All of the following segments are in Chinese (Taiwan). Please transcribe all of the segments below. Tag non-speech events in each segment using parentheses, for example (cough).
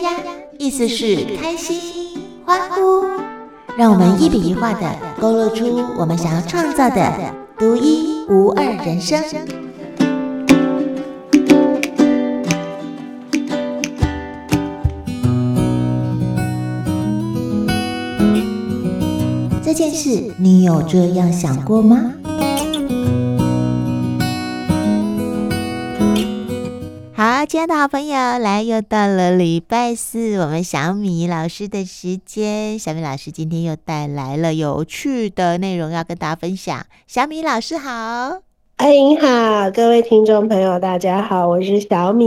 呀呀，意思是開心歡呼，讓我們一筆一畫的勾勒出我們想要創造的獨一無二人生。這件事，你有這樣想過嗎？好，親愛的好朋友，來又到了禮拜四，我們小米老師的時間。小米老師今天又帶來了有趣的內容要跟大家分享。小米老師好。哎，你好，各位聽眾朋友，大家好，我是小米。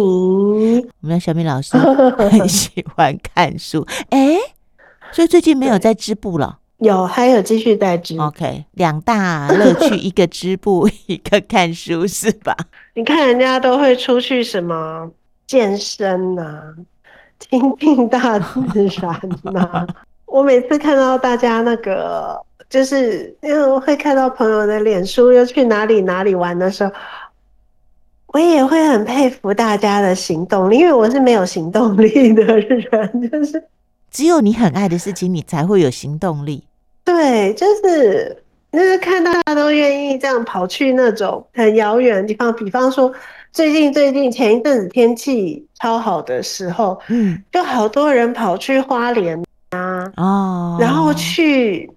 我們小米老師很喜歡看書，哎， (laughs) 所以最近沒有在織布了。有，還有繼續織。OK，兩大樂趣， (laughs) 一個織布，一個看書，是吧？你看人家都會出去什麼健身啊，親近大自然啊。 (laughs) 我每次看到大家那個，就是因為我會看到朋友的臉書又去哪裡哪裡玩的時候，我也會很佩服大家的行動力，因為我是沒有行動力的人，就是只有你很愛的事情，你才會有行動力。對，就是，就是看到大家都願意這樣跑去那種很遙遠的地方，比方說最近最近前一陣子天氣超好的時候，嗯，就好多人跑去花蓮啊，嗯，然後去。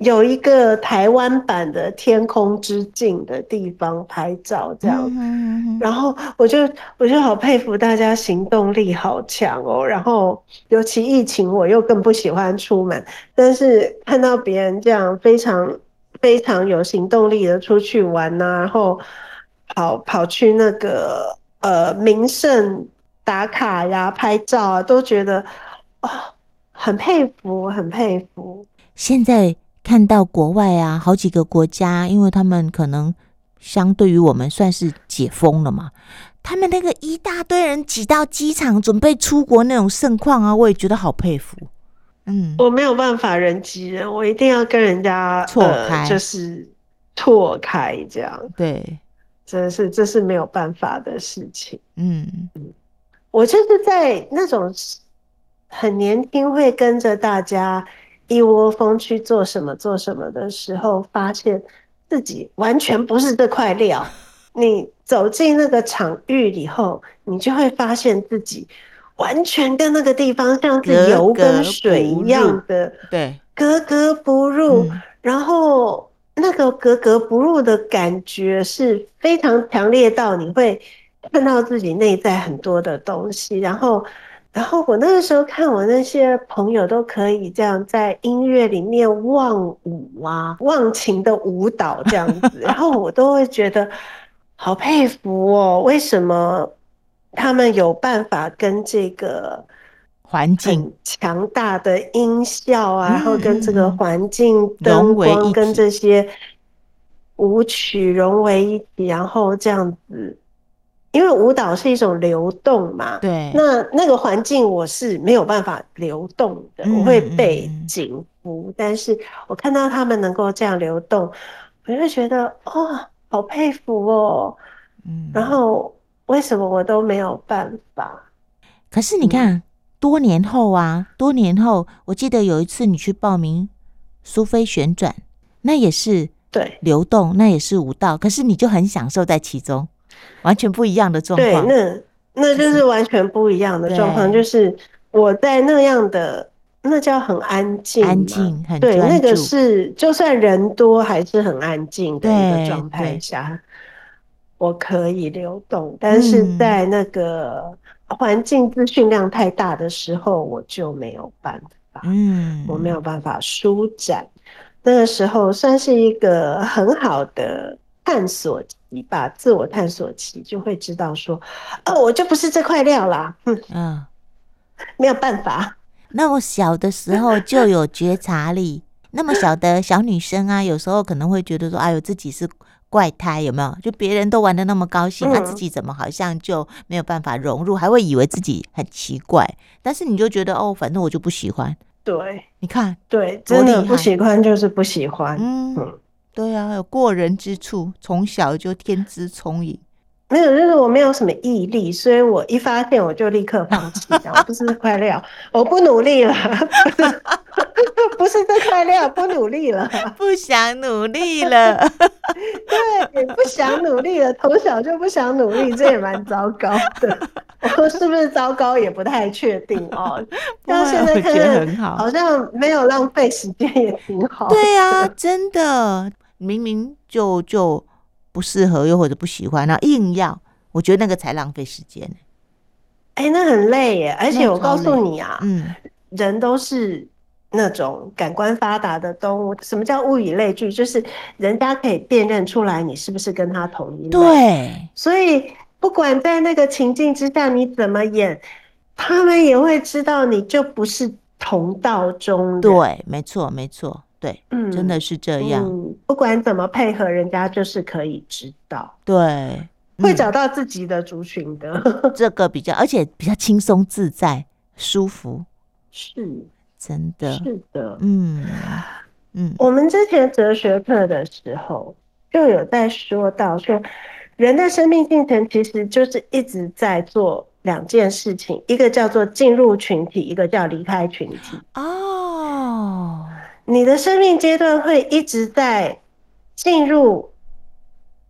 有一個台灣版的天空之鏡的地方拍照，這樣，然後我就我就好佩服大家行動力好強哦。然後尤其疫情，我又更不喜歡出門，但是看到別人這樣非常非常有行動力的出去玩呐、啊，然後跑跑去那個呃名勝打卡呀、拍照啊，都覺得啊很佩服，很佩服。現在。看到國外啊，好幾個國家、啊，因為他們可能相對於我們算是解封了嘛，他們那個一大堆人擠到機場準備出國那種盛況啊，我也覺得好佩服。嗯，我沒有辦法人擠人，我一定要跟人家錯開，呃，就是錯開這樣。對，真的是這是沒有辦法的事情。嗯嗯，我就是在那種很年輕會跟着大家。一窩蜂去做什麼做什麼的時候，發現自己完全不是這塊料。你走進那個場域以後，你就會發現自己完全跟那個地方像是油跟水一樣的，對，格格不入。然後那個格格不入的感覺是非常強烈到你會看到自己內在很多的東西，然後。然後我那個時候看我那些朋友都可以這樣在音樂裡面忘舞啊忘情的舞蹈這樣子， (laughs) 然後我都會覺得好佩服哦，為什麼他們有辦法跟這個環境強大的音效啊，環境，然後跟這個環境燈光、嗯、跟這些舞曲融為一體，然後這樣子。因為舞蹈是一種流動嘛，對，那那個環境我是沒有辦法流動的，嗯、我會被禁錮。嗯嗯、但是，我看到他們能夠這樣流動，我就會覺得哦，好佩服哦。嗯，然後為什麼我都沒有辦法？可是你看，嗯、多年後啊，多年後，我記得有一次你去報名蘇菲旋轉，那也是對流動，對那也是舞蹈，可是你就很享受在其中。完全不一樣的狀況。對，那那就是完全不一樣的狀況。是是，就是我在那樣的，那叫很安靜，安靜，很專注。對，那個是就算人多還是很安靜的一個狀態下，我可以流動。但是在那個環境資訊量太大的時候，嗯、我就沒有辦法。嗯，我沒有辦法舒展。那個時候算是一個很好的探索。你把自我探索期，就會知道說，哦，我就不是這塊料啦。嗯，沒有辦法。那麼小的時候就有覺察力， (laughs) 那麼小的小女生啊，有時候可能會覺得說，哎呦，自己是怪胎，有沒有？就別人都玩得那麼高興，她，嗯、哼自己怎麼好像就沒有辦法融入，還會以為自己很奇怪。但是你就覺得，哦，反正我就不喜歡。對，你看，對，真的不喜歡就是不喜歡。嗯。對呀、啊，有過人之處，從小就天資聰穎。沒有，就是我沒有什麼毅力，所以我一發現我就立刻放棄。我不是這塊料， (laughs) 我不努力了，不是， (laughs) (laughs) 不是這塊料，不努力了，不想努力了， (laughs) (laughs) 對，也不想努力了，從小就不想努力，這也蠻糟糕的。我 (laughs) 是不是糟糕？也不太確定 (laughs) 哦。但現在看，很好，好像沒有浪費時間也挺好的。對啊，真的。明明就就不適合，又或者不喜歡，那硬要，我覺得那個才浪費時間、欸。哎、欸，那很累耶！而且我告訴你啊，嗯、人都是那種感官發達的動物。什麼叫物以類聚？就是人家可以辨認出來你是不是跟他同一類。對，所以不管在那個情境之下你怎麼演，他們也會知道你就不是同道中人。對，沒錯，沒錯。對，嗯，真的是這樣、嗯。不管怎麼配合，人家就是可以知道。對，嗯、會找到自己的族群的， (laughs) 這個比較，而且比較輕鬆自在、舒服。是，真的。是的，嗯嗯。嗯我們之前哲學課的時候，就有在說到，說人的生命進程其實就是一直在做兩件事情，一個叫做進入群體，一個叫離開群體。哦。你的生命階段會一直在進入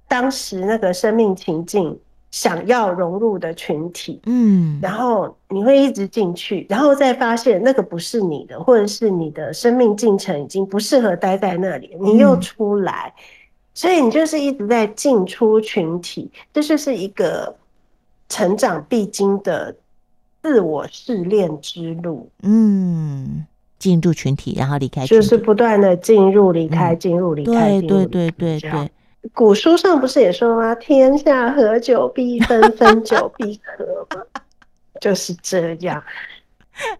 當時那個生命情境想要融入的群體，嗯，然後你會一直進去，然後再發現那個不是你的，或者是你的生命進程已經不適合待在那裡，你又出來，嗯，所以你就是一直在進出群體，這就是一個成長必經的自我試煉之路，嗯。進入群體，然後離開，就是不斷的進入、離開、進入、嗯、離開，對對對對對，對。古書上不是也說嗎？天下合久必分，分久必合嘛， (laughs) 就是這樣，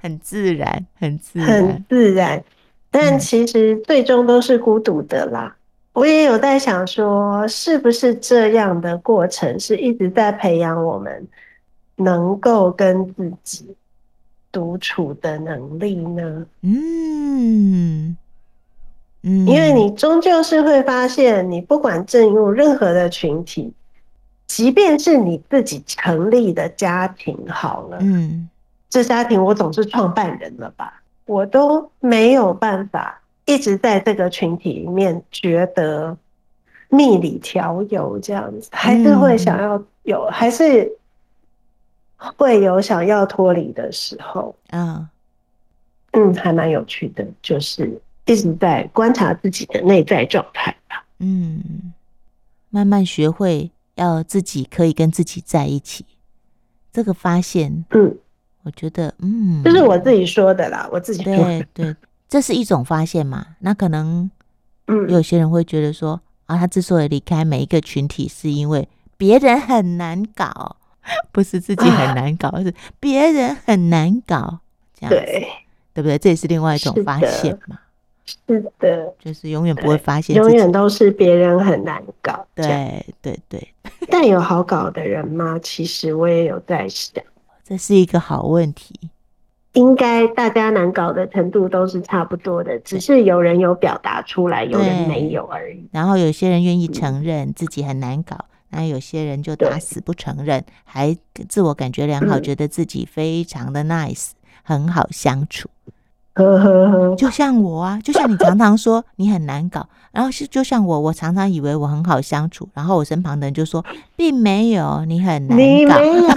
很自然，很自然，很自然。但其實最終都是孤獨的啦。嗯、我也有在想，說是不是這樣的過程是一直在培養我們能夠跟自己。獨處的能力呢？嗯嗯，嗯，因為你終究是會發現，你不管進入任何的群體，即便是你自己成立的家庭，好了，嗯，這家庭我總是創辦人了吧，我都沒有辦法一直在這個群體裡面覺得蜜裡調油這樣子，還是會想要有，嗯、還是。會有想要脫離的時候，嗯、哦，嗯，還蠻有趣的，就是一直在觀察自己的內在狀態吧，嗯，慢慢學會要自己可以跟自己在一起，這個發現，嗯，我覺得，嗯，這是我自己說的啦，我自己對對，這是一種發現嘛，那可能，嗯，有些人會覺得說，嗯、啊，他之所以離開每一個群體，是因為別人很難搞。不是自己很難搞，啊、是別人很難搞，這樣對，對不對？這也是另外一種發現嘛。是的，是的，就是永遠不會發現，永遠都是別人很難搞。對對對。對但有好搞的人嗎？其實我也有在想，這是一個好問題。應該大家難搞的程度都是差不多的，對只是有人有表達出來，對有人沒有而已。然後有些人願意承認自己很難搞。那有些人就打死不承認，對還自我感覺良好，嗯、覺得自己非常的 nice，很好相處。呵呵呵，就像我啊，就像你常常說你很難搞， (laughs) 然後就像我，我常常以為我很好相處，然後我身旁的人就說，並沒有，你很難搞，你沒有。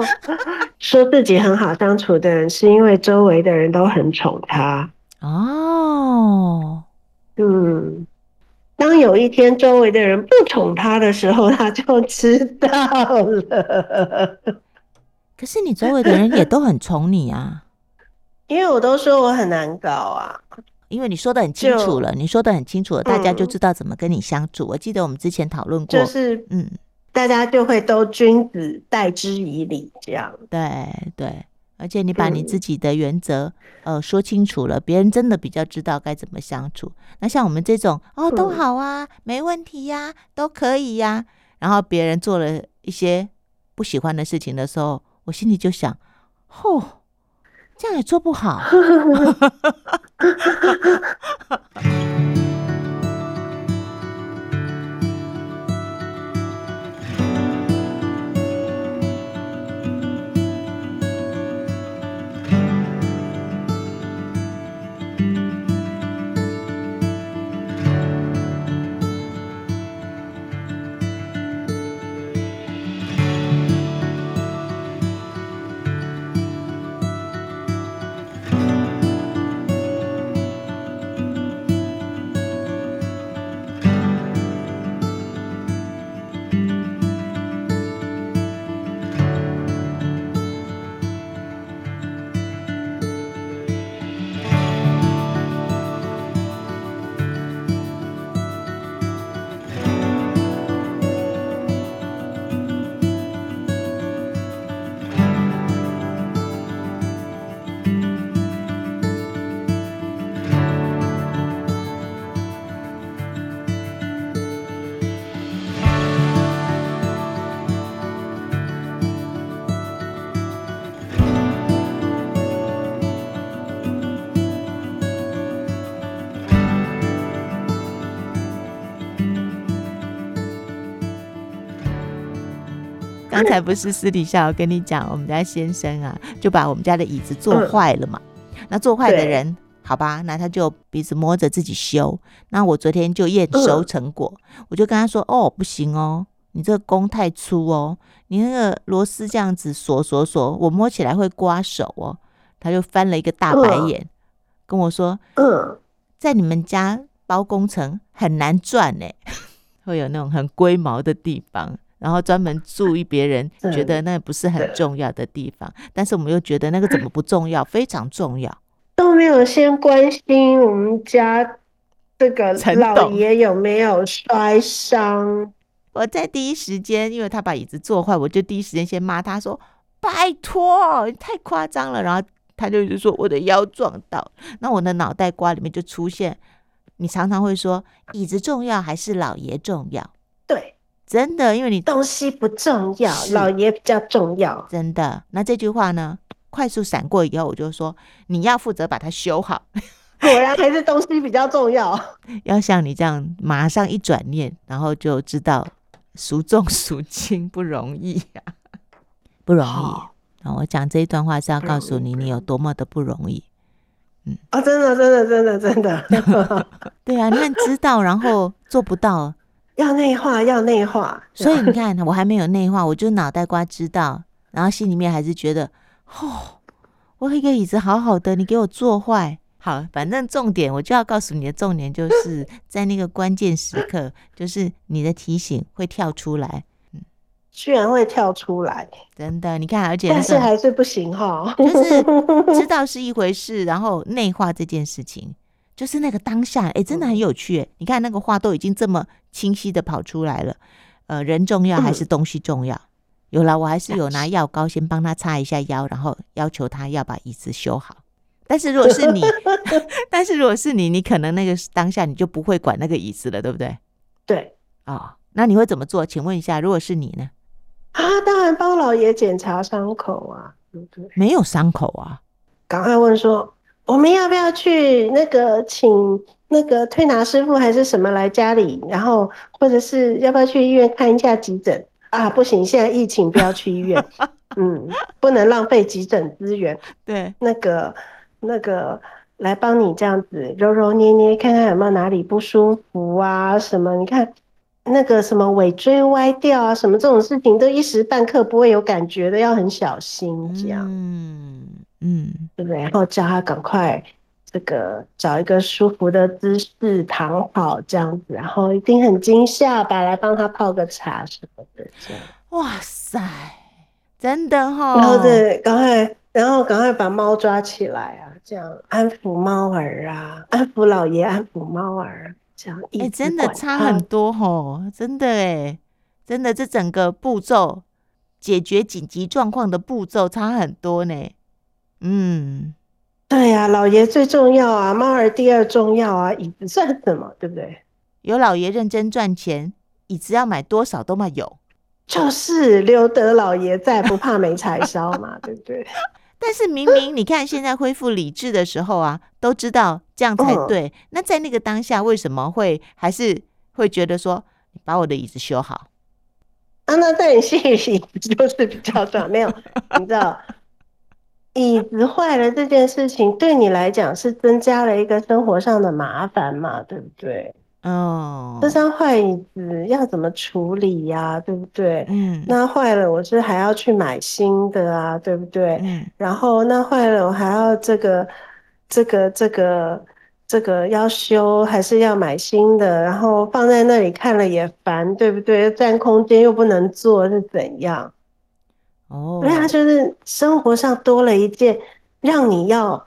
(laughs) 說自己很好相處的人，是因為周圍的人都很寵他哦，嗯。當有一天周圍的人不寵他的時候，他就知道了。 (laughs) 可是你周圍的人也都很寵你啊， (laughs) 因為我都說我很難搞啊，因為你說的很清楚了，就你說的很清楚了，大家就知道怎麼跟你相處。嗯，我記得我們之前討論過，就是嗯，大家就會都君子待之以禮這樣，對對。對而且你把你自己的原則，嗯、呃，說清楚了，別人真的比較知道該怎麼相處。那像我們這種，哦，都好啊，嗯、沒問題呀、啊，都可以呀、啊。然後別人做了一些不喜歡的事情的時候，我心裡就想，吼，這樣也做不好。 (laughs) (laughs) (laughs) 剛才不是私底下我跟你講，我們家先生啊，就把我們家的椅子做壞了嘛。呃、那做壞的人，對好吧，那他就鼻子摸着自己修。那我昨天就驗收成果，呃、我就跟他說：“哦，不行哦，你這個工太粗哦，你那個螺絲這樣子鎖鎖鎖，我摸起來會刮手哦。”他就翻了一個大白眼，呃、跟我說：“呃、在你們家包工程很難賺呢、欸， (laughs) 會有那種很龜毛的地方。”然後專門注意別人、嗯、覺得那不是很重要的地方，嗯、但是我們又覺得那個怎麼不重要？嗯、非常重要，都沒有先關心我們家這個陳老爺有沒有摔傷？陳董。我在第一時間，因為他把椅子坐壞，我就第一時間先罵他說：“拜托，你太誇張了！”然後他就就說：“我的腰撞到。”那我的腦袋瓜裡面就出現，你常常會說：椅子重要還是老爺重要？對。真的，因為你東西不重要，是老爺比較重要。真的，那這句話呢，快速閃過以後，我就說，你要負責把它修好。 (laughs) 果然還是東西比較重要。 (laughs) 要像你這樣馬上一轉念，然後就知道孰重孰輕，不容易呀、啊，哦、不容易。啊，我講這一段話是要告訴你，你有多麼的不容易。容易嗯，啊、哦，真的，真的，真的，真的。對呀、啊，你看知道，然後做不到。要內化，要內化。所以你看，我還沒有內化，我就腦袋瓜知道，然後心裡面還是覺得，哦，我一個椅子好好的，你給我坐壞，好，反正重點，我就要告訴你的重點，就是 (laughs) 在那個關鍵時刻，就是你的提醒會跳出來。嗯，居然會跳出來，真的，你看，而且但是還是不行哈、哦， (laughs) 就是知道是一回事，然後內化這件事情。就是那個當下，哎、欸，真的很有趣。嗯、你看那個話都已經這麼清晰的跑出來了。呃，人重要還是東西重要？嗯、有了，我還是有拿藥膏先幫他擦一下腰，然後要求他要把椅子修好。但是如果是你，對 (laughs) 但是如果是你，你可能那個當下你就不會管那個椅子了，對不對？對。啊、哦，那你會怎麼做？請問一下，如果是你呢？啊，當然幫老爺檢查傷口啊。對對沒有傷口啊？剛才問說。我們要不要去那個請那個推拿師傅還是什麼來家裡？然後或者是要不要去醫院看一下急診啊？不行，現在疫情不要去醫院， (laughs) 嗯，不能浪費急診資源。對，那個，那個那個來幫你這樣子揉揉捏捏，看看有沒有哪裡不舒服啊？什麼？你看那個什麼尾椎歪掉啊？什麼這種事情都一時半刻不會有感覺的，要很小心這樣。嗯。嗯，對不對？然後叫他趕快這個找一個舒服的姿勢躺好，這樣子，然後一定很驚嚇吧？來幫他泡個茶什麼的，是不是這樣。哇塞，真的哈、哦！然後對，趕快，然後趕快把貓抓起來啊，這樣安撫貓兒啊，安撫老爺，安撫貓兒，這樣一。哎、欸，真的差很多哈、哦，真的哎，真的這整個步驟解決緊急狀況的步驟差很多呢。嗯，對呀、啊，老爺最重要啊，貓兒第二重要啊，椅子算什麼，對不對？有老爺認真賺錢，椅子要買多少都嘛有，就是留得老爺在，不怕沒柴燒嘛， (laughs) 對不對？但是明明你看現在恢復理智的時候啊，都知道這樣才對。嗯、那在那個當下，為什麼會還是會覺得說，把我的椅子修好？啊，那在你心裡就是比較爽，沒有，你知道？ (laughs) 椅子壞了這件事情，對你來講是增加了一個生活上的麻煩嘛，對不對？哦，這張壞椅子要怎麼處理呀、啊？對不對？嗯，那壞了，我是還要去買新的啊，對不對？嗯，然後那壞了，我還要這個、這個、這個、這個要修，還是要買新的？然後放在那裡看了也煩，對不對？佔空間又不能坐，是怎樣？對啊，哦、因為他就是生活上多了一件讓你要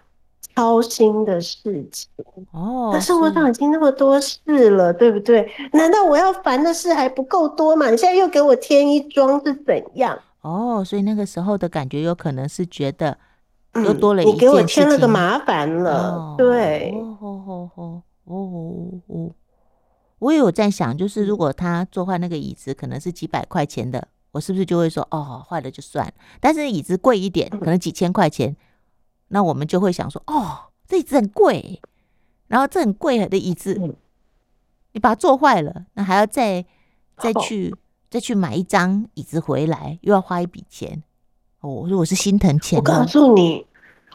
操心的事情。哦，那生活上已經那麼多事了，對不對？難道我要煩的事還不夠多嗎？你現在又給我添一樁是怎樣？哦，所以那個時候的感覺有可能是覺得又多了一件事情、嗯，你給我添了個麻煩了。哦、對哦，哦，好，好，好，哦，哦嗯、我也有在想，就是如果他坐壞那個椅子，可能是幾百塊錢的。我是不是就會說，哦，壞了就算了，但是椅子貴一點，可能幾千塊錢，嗯、那我們就會想說，哦，這椅子很貴，然後這很貴的椅子，嗯、你把它坐壞了，那還要再再去，哦、再去買一張椅子回來，又要花一筆錢。我說我是心疼錢。我告訴你，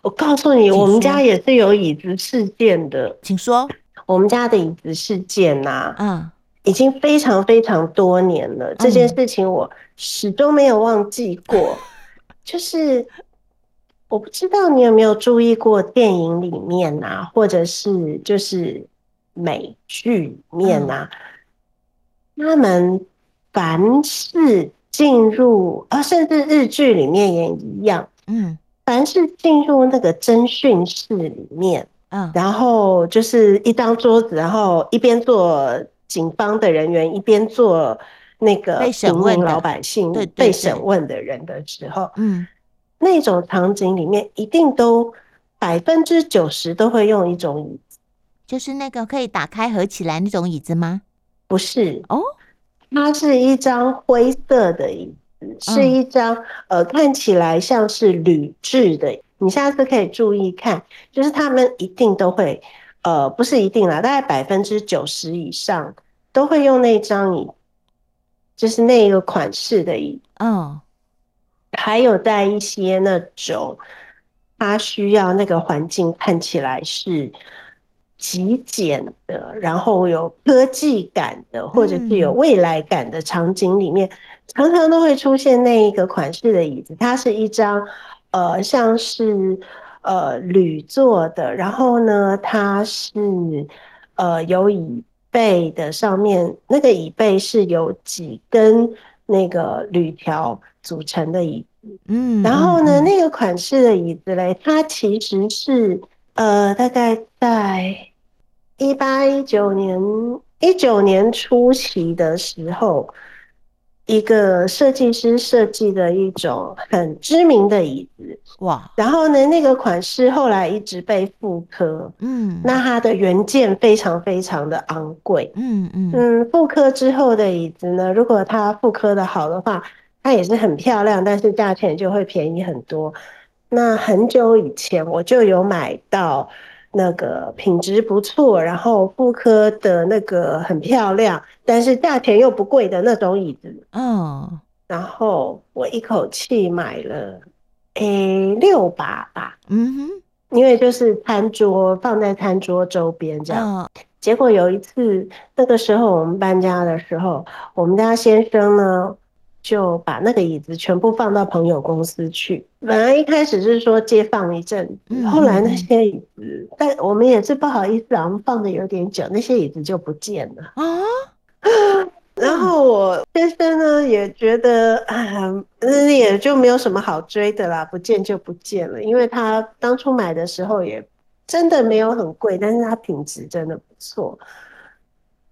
我告訴你，請說，我們家也是有椅子事件的，請說我們家的椅子事件吶、啊。嗯。已經非常非常多年了，這件事情我始終沒有忘記過。嗯、就是我不知道你有沒有注意過電影裡面啊，或者是就是美劇裡面啊，嗯、他們凡是進入啊，甚至日劇裡面也一樣，嗯，凡是進入那個偵訊室裡面，嗯，然後就是一張桌子，然後一邊坐。警方的人員一邊做那個審問老百姓、被審問,問的人的時候，嗯，那種場景裡面一定都百分之九十都會用一種椅子，就是那個可以打開合起來那種椅子嗎？不是哦，它是一張灰色的椅子，是一張呃、嗯、看起來像是鋁制的。你下次可以注意看，就是他們一定都會。呃，不是一定啦，大概百分之九十以上都會用那張椅子，就是那一個款式的椅子。嗯，oh. 還有在一些那種它需要那個環境看起來是極簡的，然後有科技感的，或者是有未來感的場景裡面，mm hmm. 常常都會出現那一個款式的椅子。它是一張，呃，像是。呃，鋁做的，然後呢，它是呃有椅背的，上面那個椅背是由幾根那個鋁條組成的椅子。嗯，然後呢，嗯、那個款式的椅子嘞，它其實是呃大概在一八一九年一九年初期的時候。一個設計師設計的一種很知名的椅子，哇 Wow！然後呢，那個款式後來一直被復刻，嗯，那它的原件非常非常的昂貴，嗯嗯嗯。嗯、復刻之後的椅子呢，如果它復刻的好的話，它也是很漂亮，但是價錢就會便宜很多。那很久以前我就有買到。那個品質不錯，然後復刻的那個很漂亮，但是價錢又不貴的那種椅子。嗯，oh. 然後我一口氣買了誒六把吧。嗯哼，因為就是餐桌，放在餐桌周邊這樣。Oh. 結果有一次那個時候我們搬家的時候，我們家先生呢。就把那個椅子全部放到朋友公司去。本來一開始是說借放一陣，後來那些椅子，但我們也是不好意思，然後放的有點久，那些椅子就不見了啊。然後我先生呢也覺得，啊、那、呃、也就沒有什麼好追的啦，不見就不見了。因為他當初買的時候也真的沒有很貴，但是他品質真的不錯。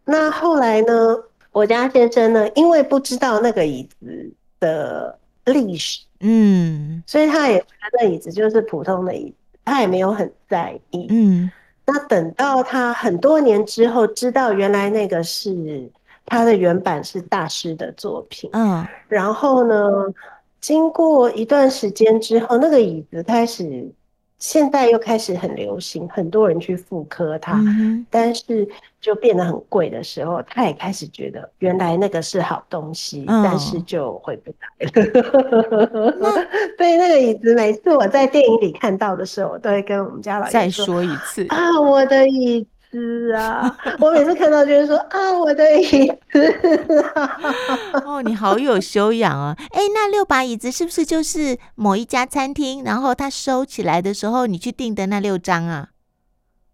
那後來呢？我家先生呢，因為不知道那個椅子的歷史，嗯，所以他也覺得他的椅子就是普通的椅子，他也沒有很在意，嗯。那等到他很多年之後，知道原來那個是他的原版是大師的作品，嗯。然後呢，經過一段時間之後，那個椅子開始。現在又開始很流行，很多人去復刻它，嗯、哼但是就變得很貴的時候，他也開始覺得原來那個是好東西，嗯、但是就回不來了。 (laughs) 嗯、對，那個椅子，每次我在電影裡看到的時候，我都會跟我們家老姨說，再說一次啊，我的椅子。是啊，我每次看到就是說 (laughs) 啊，我的椅子，啊、 (laughs) 哦，你好有修養啊！哎，那六把椅子是不是就是某一家餐廳，然後他收起來的時候你去訂的那六張啊？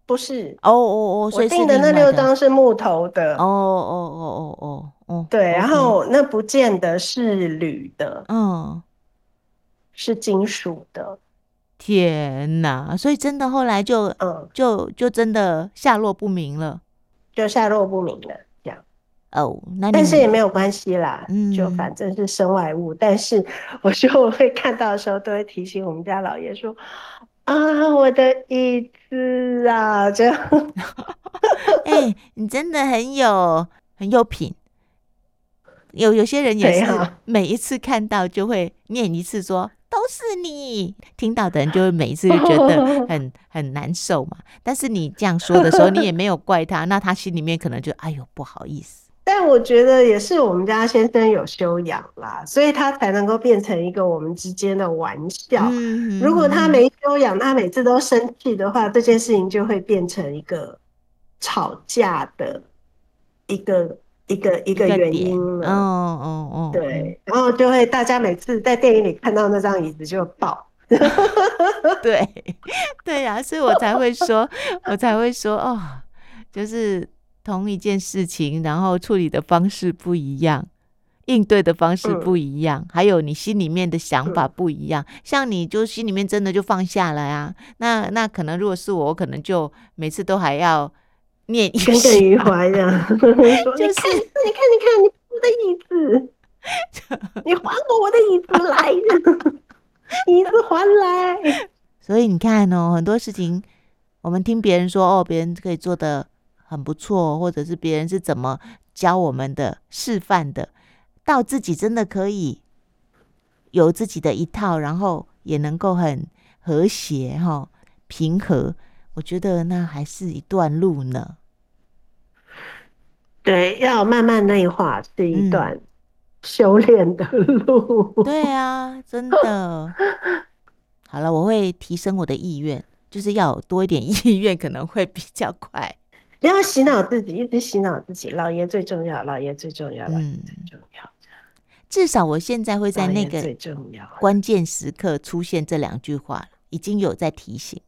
不是，哦哦哦，我訂的那六張是木頭的，哦哦哦哦哦，對，然後 okay. 那不見得是鋁的，嗯，oh. 是金屬的。天哪，啊！所以真的後來就呃、嗯、就就真的下落不明了，就下落不明了這樣哦。那你。但是也沒有關係啦，嗯，就反正是身外物。但是我說我會看到的時候，都會提醒我們家老爺說：“啊，我的椅子啊！”這樣。哎、 (laughs) (laughs) 欸，你真的很有很有品。有有些人也是每一次看到就會念一次說。都是你，聽到的人，就會每一次就覺得很 (laughs) 很難受嘛。但是你這樣說的時候，你也沒有怪他， (laughs) 那他心裡面可能就哎呦不好意思。但我覺得也是我們家先生有修養啦，所以他才能夠變成一個我們之間的玩笑。嗯、如果他沒修養，他每次都生氣的話，這件事情就會變成一個吵架的一個。一個一個原因個，哦哦哦，哦對，然後就會大家每次在電影裡看到那張椅子就爆， (laughs) (laughs) 對對呀、啊，所以我才會說， (laughs) 我才會說，哦，就是同一件事情，然後處理的方式不一樣，應對的方式不一樣，嗯、還有你心裡面的想法不一樣。嗯、像你就心裡面真的就放下了呀、啊，那那可能如果是我，我可能就每次都還要。耿耿於懷，這就是 (laughs) 你，你看，你看，你看，你的椅子， (laughs) 你還過我，我的椅子來 (laughs) 椅子還來。所以你看哦，很多事情，我們聽別人說哦，別人可以做的很不錯，或者是別人是怎麼教我們的、示範的，到自己真的可以有自己的一套，然後也能夠很和諧哈、哦，平和。我覺得那還是一段路呢，對，要慢慢內化，是一段、嗯、修煉的路。對啊，真的。 (laughs) 好了，我會提升我的意願，就是要多一點意願，可能會比較快。要洗腦自己，一直洗腦自己，老爺最重要，老爺最重要，老爺最重要。至少我現在會在那個關鍵時刻出現這兩句話，已經有在提醒。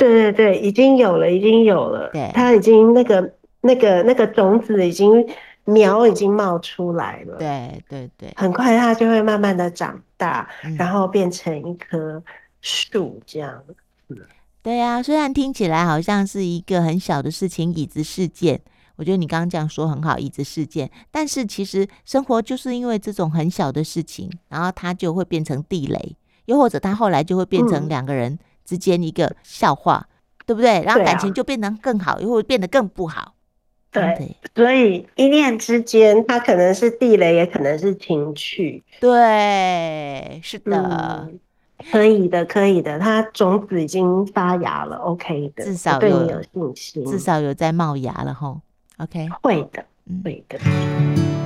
對對對，已經有了，已經有了。對，它已經那個那個那個種子已經苗，已經冒出來了。對對對，很快它就會慢慢的長大，嗯、然後變成一棵樹這樣子。是。對啊，雖然聽起來好像是一個很小的事情，椅子事件。我覺得你剛剛這樣說，很好，椅子事件。但是其實生活就是因為這種很小的事情，然後它就會變成地雷，又或者它後來就會變成兩個人。嗯之間一個笑話，對不對？然後感情就變得更好，啊、又會變得更不好。對，Okay 所以一念之間，它可能是地雷，也可能是情趣。對，是的、嗯，可以的，可以的。它種子已經發芽了，OK 的，至少有有信心，至少有在冒芽了哈。OK，會的，會、嗯、的。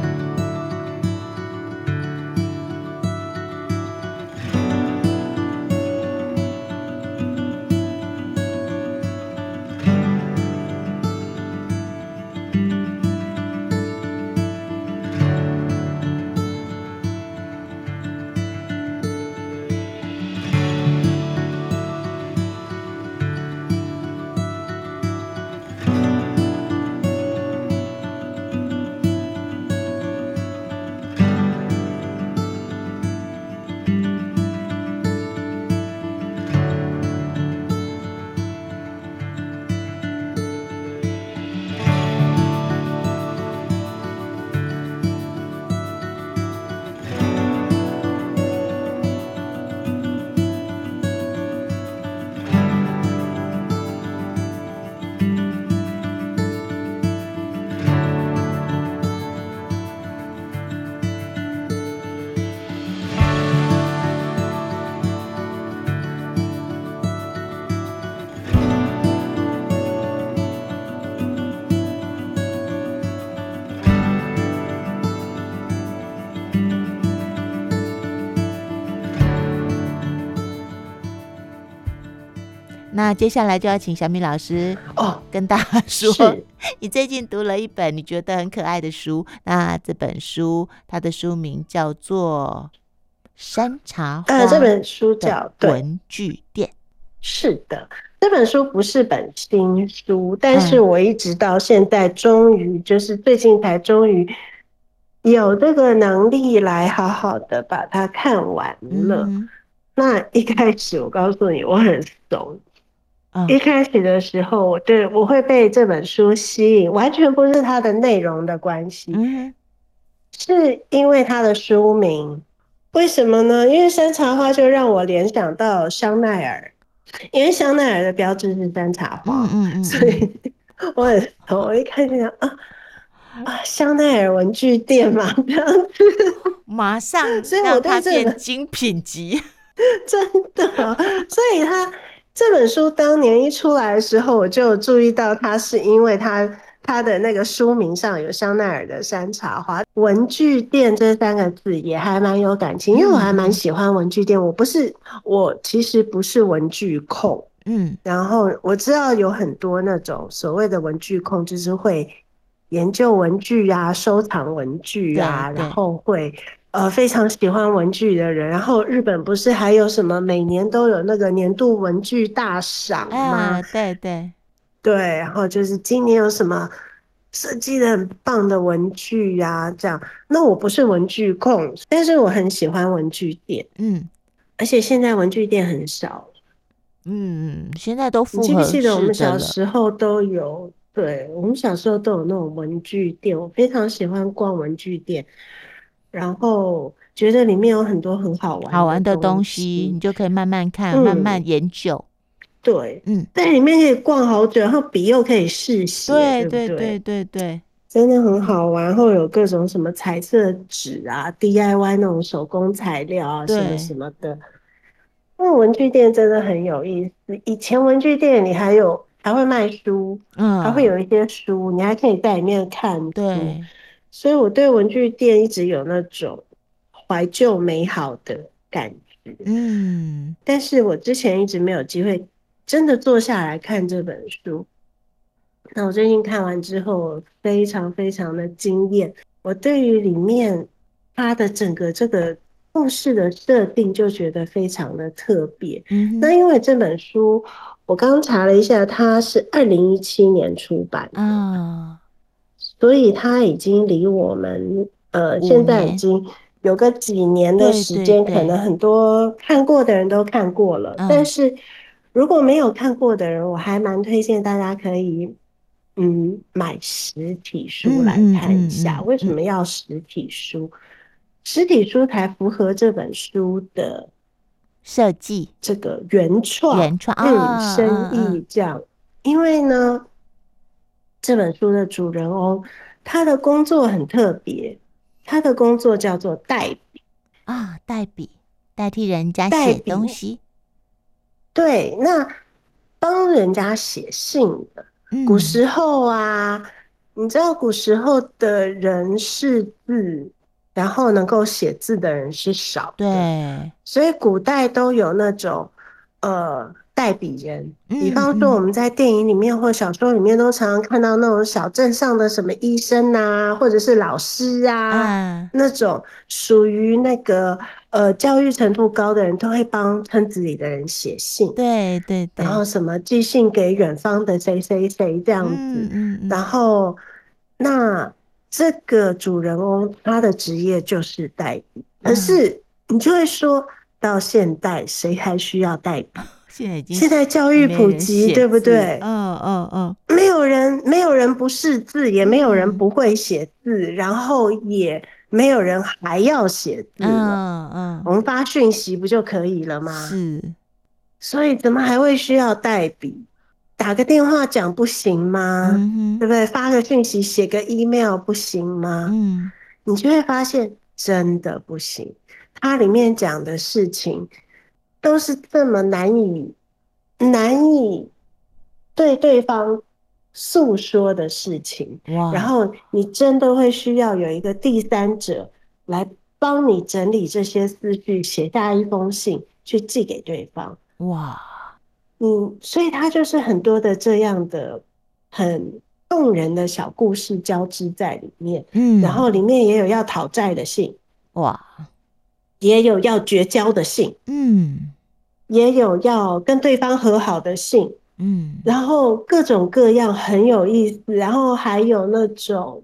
那接下來就要請小米老師哦、oh, 他是，跟大家說，你最近讀了一本你覺得很可愛的書，那這本書它的書名叫做《山茶花》。呃、啊，這本書叫《文具店》，是的，這本書不是本新書，但是我一直到現在終於，終於、嗯、就是最近才終於有這個能力來好好的把它看完了。嗯、那一開始我告訴你我很慫。一開始的時候，我對我會被這本書吸引，完全不是它的內容的關係，嗯、是因為它的書名。為什麼呢？因為山茶花就讓我聯想到香奈兒，因為香奈兒的標誌是山茶花，嗯，嗯，嗯，所以我很，我一看見啊啊，香奈兒文具店嘛，這樣子， (laughs) 馬上他，所以我它變精品級真的，所以它。這本書當年一出來的時候，我就注意到它，是因為它它的那個書名上有香奈兒的山茶花文具店這三個字，也還蠻有感情，因為我還蠻喜歡文具店。我不是，我其實不是文具控，嗯，然後我知道有很多那種所謂的文具控，就是會研究文具啊，收藏文具啊，嗯、然後會。呃，非常喜歡文具的人。然後日本不是還有什麼每年都有那個年度文具大賞嗎？Oh, 對對對。然後就是今年有什麼設計得很棒的文具啊，這樣。那我不是文具控，但是我很喜歡文具店。嗯，而且現在文具店很少。嗯，現在都複合式的了。記不記得我們小時候都有？對，我們小時候都有那種文具店，我非常喜歡逛文具店。然後覺得裡面有很多很好玩好玩的東西，你就可以慢慢看，嗯、慢慢研究。對，嗯。在裡面可以逛好久，然後筆又可以試寫，對對對,對對對對，真的很好玩。然後有各種什麼彩色紙啊、DIY 那種手工材料啊，什麼對什麼的。那、嗯、文具店真的很有意思。以前文具店你還有還會賣書，嗯，還會有一些書，你還可以在裡面看。對。所以我對文具店一直有那種懷舊美好的感覺，嗯，但是我之前一直沒有機會真的坐下來看這本書。那我最近看完之後，我非常非常的驚艷。我對於裡面它的整個這個故事的設定就覺得非常的特別。嗯哼，那因為這本書，我剛查了一下，它是二零一七年出版的。嗯所以它已經離我們，呃，現在已經有個幾年的時間，可能很多看過的人都看過了。但是如果沒有看過的人，我還蠻推薦大家可以，嗯，買實體書來看一下。為什麼要實體書？實體書才符合這本書的設計，這個原創、原創、嗯，更有深意這樣。因為呢。這本書的主人翁，哦，他的工作很特別，他的工作叫做代筆啊，哦，代筆，代替人家寫東西。對，那幫人家寫信的。嗯、古時候啊，你知道古時候的人識字，然後能夠寫字的人是少的，對，所以古代都有那種，呃。代筆人，比方說我們在電影裡面或小說裡面都常常看到那種小鎮上的什麼醫生啊，或者是老師啊，嗯、那種屬於那個呃教育程度高的人都會幫村子裡的人寫信，對對，對，然後什麼寄信給遠方的誰誰誰這樣子，嗯，嗯，嗯，然後那這個主人翁他的職業就是代筆，可是你就會說到現代誰還需要代筆？現在,現在教育普及，對不對？哦哦哦、沒有人，沒有人不識字，也沒有人不會寫字，嗯、然後也沒有人還要寫字。嗯嗯、哦，哦、我們發訊息不就可以了嗎？是，所以怎麼還會需要代筆？打個電話講不行嗎？嗯、哼對不對？發個訊息，寫個 email 不行嗎？嗯，你就會發現真的不行。它裡面講的事情。都是這麼難以難以對對方訴說的事情，Wow. 然後你真的會需要有一個第三者來幫你整理這些思緒，寫下一封信去寄給對方。哇，嗯，所以他就是很多的這樣的很動人的小故事交織在裡面。嗯，然後裡面也有要討債的信，哇，Wow. 也有要絕交的信，嗯。也有要跟對方和好的信，嗯，然後各種各樣很有意思，然後還有那種，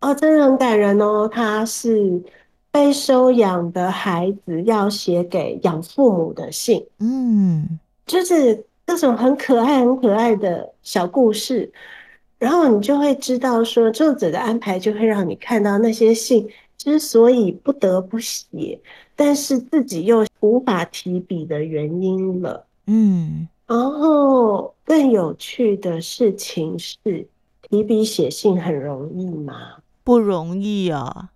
哦，真的很感人哦，他是被收養的孩子要寫給養父母的信，嗯，就是那種很可愛、很可愛的小故事，然後你就會知道說作者的安排就會讓你看到那些信之所以不得不寫，但是自己又無法提筆的原因了。嗯，然後、oh, 更有趣的事情是，提筆寫信很容易嗎？不容易啊。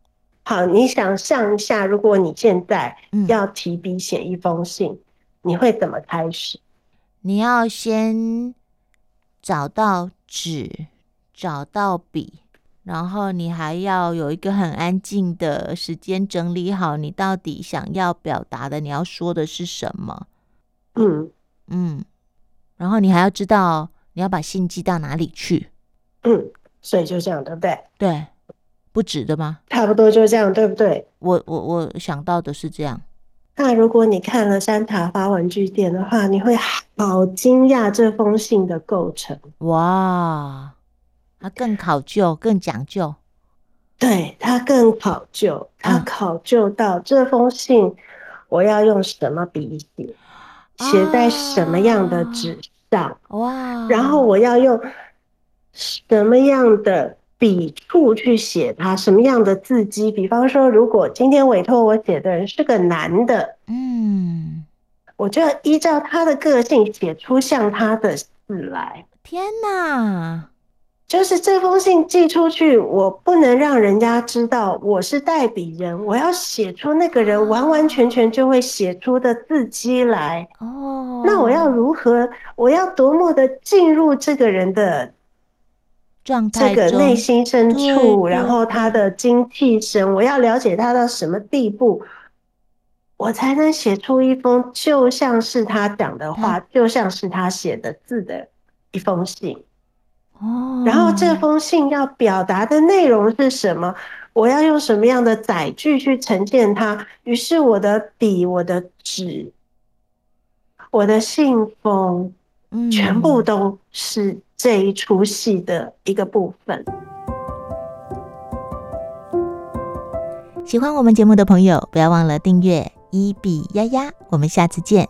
好，你想象一下，如果你現在要提筆寫一封信，嗯、你會怎麼開始？你要先找到紙，找到筆。然後你還要有一個很安靜的時間，整理好你到底想要表達的，你要說的是什麼？嗯嗯。然後你還要知道你要把信寄到哪裡去。嗯，所以就這樣，對不對？對，不止的嗎？差不多就這樣，對不對？我我我想到的是這樣。那如果你看了山茶花文具店的話，你會好驚訝這封信的構成。哇、wow。他更考究，更講究。對，他更考究，他考究到這封信，我要用什麼筆寫，寫、嗯啊、在什麼樣的紙上？哇！然後我要用什麼樣的筆觸去寫它？什麼樣的字跡？比方說，如果今天委託我寫的人是個男的，嗯，我就要依照他的個性寫出像他的字來。天哪！就是這封信寄出去，我不能讓人家知道我是代筆人，我要寫出那個人完完全全就會寫出的字跡來。哦，那我要如何？我要多麼的進入這個人的狀態、這個內心深處，對對對，然後他的精氣神，我要了解他到什麼地步，我才能寫出一封就像是他講的話，嗯、就像是他寫的字的一封信。哦，然後這封信要表達的內容是什麼？我要用什麼樣的載具去呈現它？於是我的筆、我的紙、我的信封，全部都是這一出戲的一個部分。嗯、喜歡我們節目的朋友，不要忘了訂閱伊筆呀呀。我們下次見。